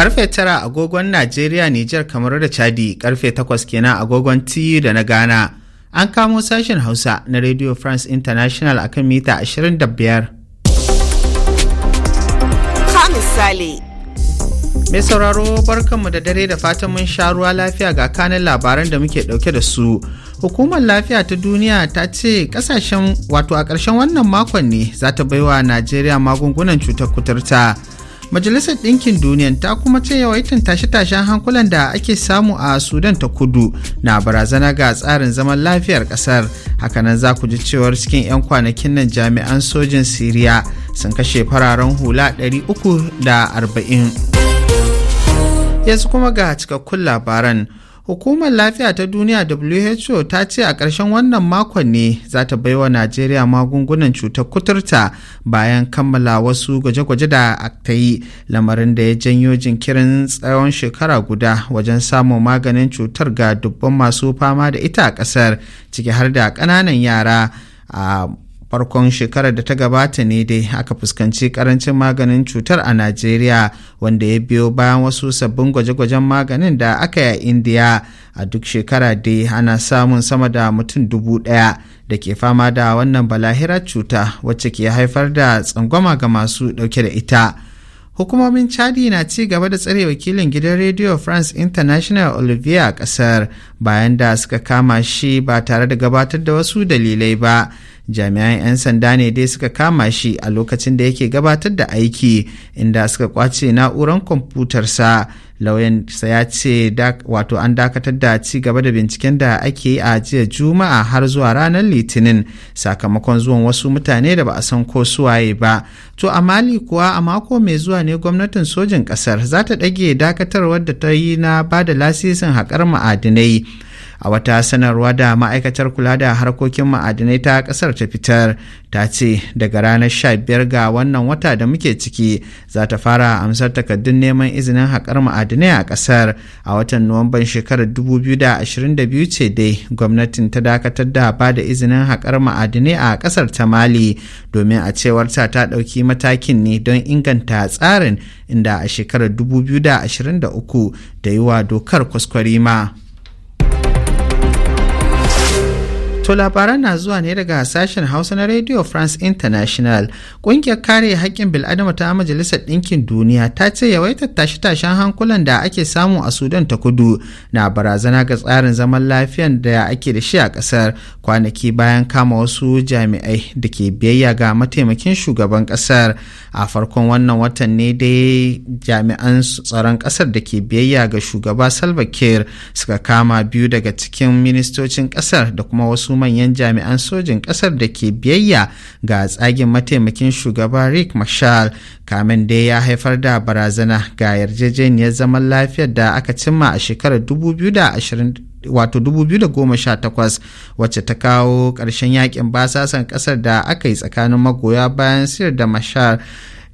Karfe tara agogon Najeriya, Nijar, kamar da Chadi, karfe takwas kenan agogon TU da na Ghana. An kamo sashen Hausa na Radio France International akan mita ashirin da biyar. Mai sauraro barkanmu da dare da fatan mun sha ruwa lafiya ga kanin labaran da muke dauke da su. Hukumar lafiya ta duniya ta ce kasashen wato a ƙarshen wannan makon ne za ta baiwa Najeriya magungunan cutar kuturta. majalisar ɗinkin duniya ta kuma ce yawaitan tashe-tashen hankulan da ake samu a sudan ta kudu na barazana ga tsarin zaman lafiyar ƙasar hakanan za ku ji cewar cikin 'yan kwanakin nan jami'an sojin siriya sun kashe fararen hula 340 yanzu kuma ga cikakkun labaran Hukumar Lafiya ta Duniya WHO ta ce a ƙarshen wannan makon ne za ta baiwa Najeriya magungunan cutar kuturta bayan kammala wasu gwaje-gwaje da ta yi lamarin da ya janyo jinkirin tsawon shekara guda wajen samun maganin cutar ga dubban masu fama da ita a ƙasar ciki har da ƙananan yara a farkon shekarar da ta gabata ne dai aka fuskanci karancin maganin cutar a najeriya wanda ya biyo bayan wasu sabbin gwaje-gwajen maganin da aka yi indiya a duk shekara dai ana samun sama da mutum dubu daya da ke fama da wannan balahira cuta wacce ke haifar da tsangwama ga masu dauke da ita hukumomin chadi na ci gaba da tsare wakilin gidan radio france international olivier a kasar bayan da suka kama shi ba tare da gabatar da wasu dalilai ba jami'an 'yan sanda ne dai suka kama shi a lokacin da yake gabatar da aiki inda suka kwace na'urar kwamfutarsa lauyansa ya ce wato an dakatar da ci gaba da binciken da ake yi a jiya juma'a har zuwa ranar litinin sakamakon zuwan wasu mutane da ba a san ko suwaye ba to a mali kuwa a mako mai zuwa ne gwamnatin sojin kasar za ta dage dakatarwar da ta yi na ba da lasisin haƙar ma'adinai a wata sanarwa da ma'aikatar kula da harkokin ma'adinai ta kasar ta fitar ta ce daga ranar 15 ga wannan wata da muke ciki za ta fara amsar takardun neman izinin haƙar ma'adinai a ƙasar a watan nuwamban shekarar 2022 ce dai gwamnatin ta dakatar da ba da izinin haƙar ma'adinai a ƙasar ta mali domin a cewar ta ɗauki matakin ne don inganta tsarin inda a shekarar 2023 da yi wa dokar ma. To labaran na zuwa ne daga sashen Hausa na Radio France International. Ƙungiyar kare haƙƙin bil'adama ta Majalisar Ɗinkin Duniya ta ce yawaitar tashe-tashen hankulan da ake samu a Sudan ta kudu na barazana ga tsarin zaman lafiyan da ake da shi a ƙasar kwanaki bayan kama wasu jami'ai da ke biyayya ga mataimakin shugaban ƙasar. A farkon wannan watan ne dai jami'an tsaron ƙasar da ke biyayya ga shugaba Salva Kiir suka kama biyu daga cikin ministocin ƙasar da kuma wasu manyan jami'an sojin kasar da ke biyayya ga tsagin mataimakin shugaba rick marshall kamin dai ya haifar da barazana ga yarjejeniyar zaman lafiyar da aka cimma a shekarar 2020 wato 2018 wacce ta kawo ƙarshen yakin basasan ƙasar da aka yi tsakanin magoya bayan sir da mashar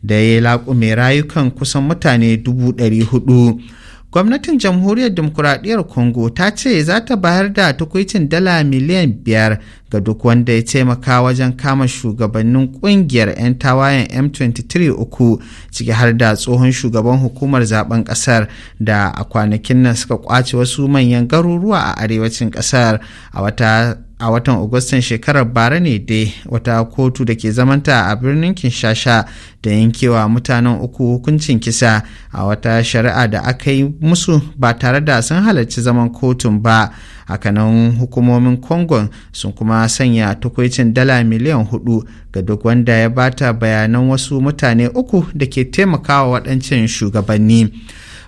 da ya laƙume rayukan kusan mutane 400 gwamnatin jamhuriyar demokuraɗiyyar congo ta ce za ta bayar da tukwicin dala miliyan biyar ga duk wanda ya taimaka wajen kama shugabannin kungiyar 'yan tawayen m23 uku ciki har da tsohon shugaban hukumar zaben kasar da a kwanakin nan suka kwace wasu manyan garuruwa a arewacin kasar a wata a watan agustan shekarar bara ne dai wata kotu da ke zamanta a birnin kinshasa da yankewa mutanen uku hukuncin kisa a wata shari'a da aka yi musu ba tare da sun halarci zaman kotun ba hakanan hukumomin kongon sun kuma sanya tukwicin dala miliyan hudu ga duk wanda ya bata bayanan wasu mutane uku da ke taimakawa waɗancan shugabanni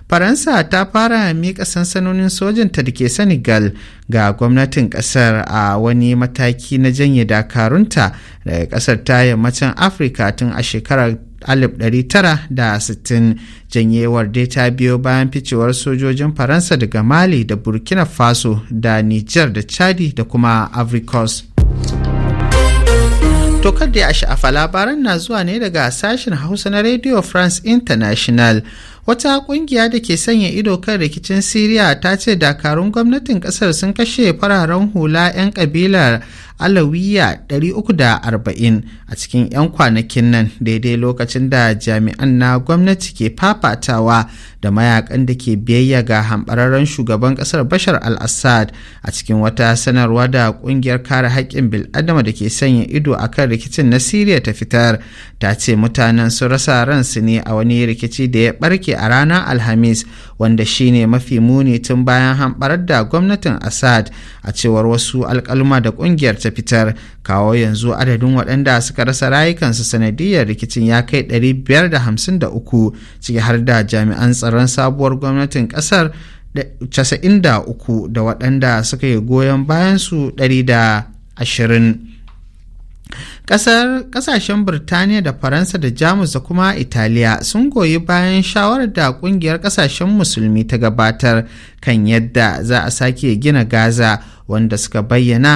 faransa ta fara miƙa sansanonin sojanta da ke senegal ga gwamnatin kasar a wani mataki na janye dakarunta daga kasar ta yammacin afirka tun a shekarar 1960 janyewar dai ta biyo bayan ficewar sojojin faransa daga mali da burkina faso da niger da chadi da kuma africos tokar da ya sha'afa labaran na zuwa ne daga sashen hausa na radio france international Wata ƙungiya da ke sanya ido kan rikicin Siriya ta ce dakarun gwamnatin ƙasar sun kashe fararen hula 'yan ƙabilar alawiya 340 a cikin 'yan kwanakin nan daidai lokacin da jami'an na gwamnati ke fafatawa da mayakan da ke biyayya ga hambararren shugaban kasar bashar al-assad a cikin wata sanarwa da kungiyar kare haƙƙin bil'adama da ke sanya ido a kan rikicin na siriya ta fitar ta ce mutanen su rasa ransu ne a wani rikici da ya barke a ranar alhamis wanda shine mafi muni tun bayan hamɓarar da gwamnatin assad a cewar wasu alƙaluma da kungiyar ta ta fitar kawo yanzu adadin waɗanda suka rasa rayukansu sanadiyar rikicin ya kai 553 ciki har da jami'an tsaron sabuwar gwamnatin ƙasar 93 da waɗanda suka yi goyon bayansu 120 Kasar kasashen Birtaniya da Faransa da Jamus da kuma Italiya sun goyi bayan shawarar da ƙungiyar ƙasashen musulmi ta gabatar kan yadda za a sake gina Gaza wanda suka bayyana